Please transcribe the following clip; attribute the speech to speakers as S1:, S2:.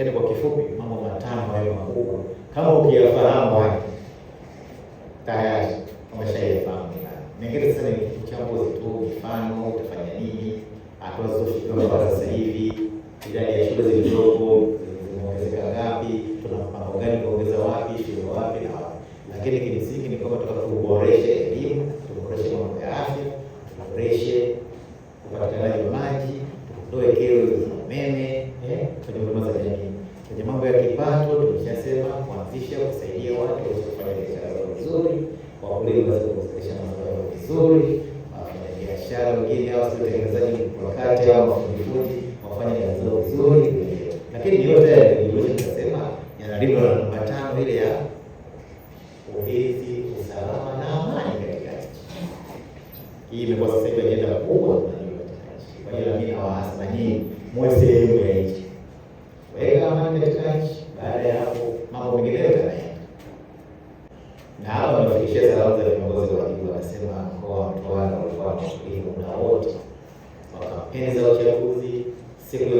S1: Lakini kwa kifupi, mambo matano hayo makubwa kama ukiyafahamu haya tayari umeshaifahamu. Mengine sasa ni uchambuzi tu, mfano utafanya nini, hatua zilizofikiwa mpaka sasa hivi, idadi ya shule zilizopo zimeongezeka ngapi, tuna mpango gani kuongeza wapi, shule wapi na wapi. Lakini kimsingi ni kwamba tutaka tuboreshe elimu, tuboreshe mambo ya afya, tuboreshe upatikanaji wa maji, tutoe kero kwenye huduma za jamii. Kwenye mambo ya kipato tumeshasema kuanzisha kusaidia watu waweze kufanya biashara zao vizuri, wakulima waweze kuzalisha mazao yao vizuri, wafanyabiashara wengine au watengenezaji mkakati au mafundi wafanye kazi zao vizuri, lakini yote yaliyoje tunasema yanalindwa na namba tano ile ya ulinzi, usalama na amani katika nchi hii. Imekuwa sasa hivi ajenda kubwa, kwa hiyo mimi nawaasa nyinyi muwe sehemu ya nchi mambo mengineyo Na hawa wamefikishia salamu za viongozi wa juu, wanasema mkoa wa Mtwara walikuwa wametulivu muda wote, wakapenza uchaguzi siku